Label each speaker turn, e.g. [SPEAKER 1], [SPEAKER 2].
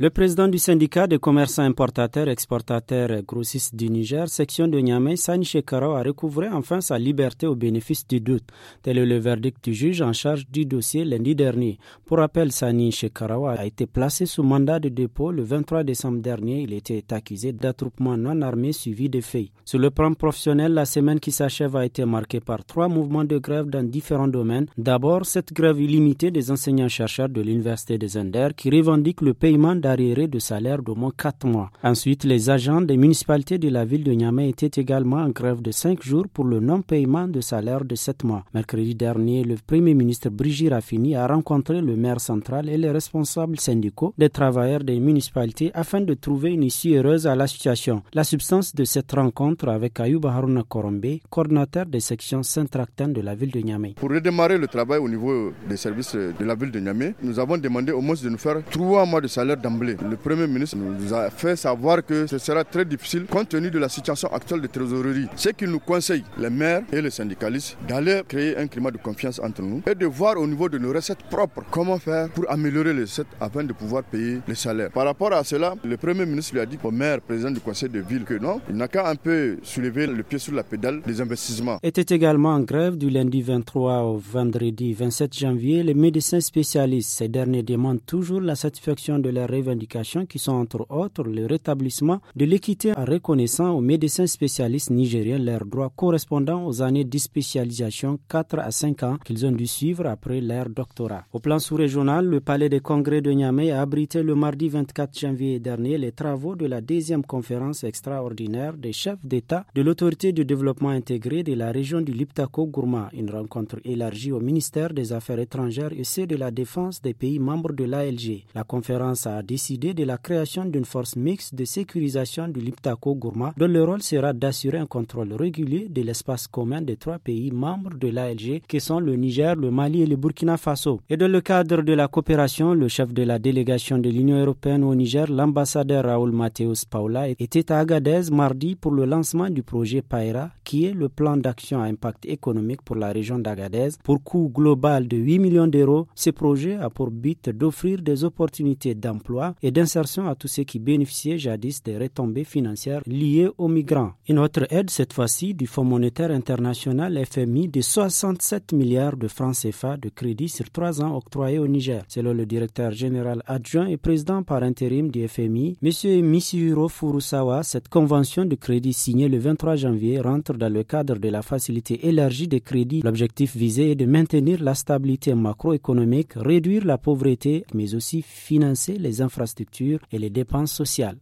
[SPEAKER 1] Le président du syndicat des commerçants importateurs, exportateurs et grossistes du Niger, section de Niamey, Sani Shekarawa a recouvré enfin sa liberté au bénéfice du doute. Tel est le verdict du juge en charge du dossier lundi dernier. Pour rappel, Sani Shekarawa a été placé sous mandat de dépôt le 23 décembre dernier. Il était accusé d'attroupement non armé suivi de faits. Sur le plan professionnel, la semaine qui s'achève a été marquée par trois mouvements de grève dans différents domaines. D'abord, cette grève illimitée des enseignants-chercheurs de l'Université des Anders qui revendique le paiement d'arriérés de salaire d'au moins 4 mois. Ensuite, les agents des municipalités de la ville de Niamey étaient également en grève de 5 jours pour le non-paiement de salaire de 7 mois. Mercredi dernier, le Premier ministre Brigitte Raffini a rencontré le maire central et les responsables syndicaux des travailleurs des municipalités afin de trouver une issue heureuse à la situation. La substance de cette rencontre avec Ayoub Haruna Korombe, coordinateur des sections Saint-Tractin de la ville de Niamey.
[SPEAKER 2] Pour redémarrer le travail au niveau des services de la ville de Niamey, nous avons demandé au moins de nous faire trois mois de salaire dans le Premier ministre nous a fait savoir que ce sera très difficile compte tenu de la situation actuelle de trésorerie. Ce qu'il nous conseille, les maires et les syndicalistes, d'aller créer un climat de confiance entre nous et de voir au niveau de nos recettes propres comment faire pour améliorer les recettes afin de pouvoir payer les salaires. Par rapport à cela, le Premier ministre lui a dit au maire, président du conseil de ville, que non, il n'a qu'à un peu soulever le pied sur la pédale des investissements.
[SPEAKER 1] Était également en grève du lundi 23 au vendredi 27 janvier les médecins spécialistes. Ces derniers demandent toujours la satisfaction de la indications qui sont entre autres le rétablissement de l'équité en reconnaissant aux médecins spécialistes nigériens leurs droits correspondant aux années spécialisation 4 à 5 ans qu'ils ont dû suivre après leur doctorat. Au plan sous-régional, le palais des congrès de Niamey a abrité le mardi 24 janvier dernier les travaux de la deuxième conférence extraordinaire des chefs d'État de l'autorité du développement intégré de la région du Liptako-Gourma, une rencontre élargie au ministère des Affaires étrangères et ceux de la défense des pays membres de l'ALG. La conférence a dit de la création d'une force mixte de sécurisation du Liptako Gourma, dont le rôle sera d'assurer un contrôle régulier de l'espace commun des trois pays membres de l'ALG, qui sont le Niger, le Mali et le Burkina Faso. Et dans le cadre de la coopération, le chef de la délégation de l'Union européenne au Niger, l'ambassadeur Raoul Mateus Paula, était à Agadez mardi pour le lancement du projet PAIRA, qui est le plan d'action à impact économique pour la région d'Agadez. Pour coût global de 8 millions d'euros, ce projet a pour but d'offrir des opportunités d'emploi et d'insertion à tous ceux qui bénéficiaient jadis des retombées financières liées aux migrants. Une autre aide, cette fois-ci, du Fonds monétaire international FMI de 67 milliards de francs CFA de crédit sur trois ans octroyés au Niger. Selon le directeur général adjoint et président par intérim du FMI, M. Mishiro Furusawa, cette convention de crédit signée le 23 janvier rentre dans le cadre de la facilité élargie des crédits. L'objectif visé est de maintenir la stabilité macroéconomique, réduire la pauvreté, mais aussi financer les infrastructures et les dépenses sociales.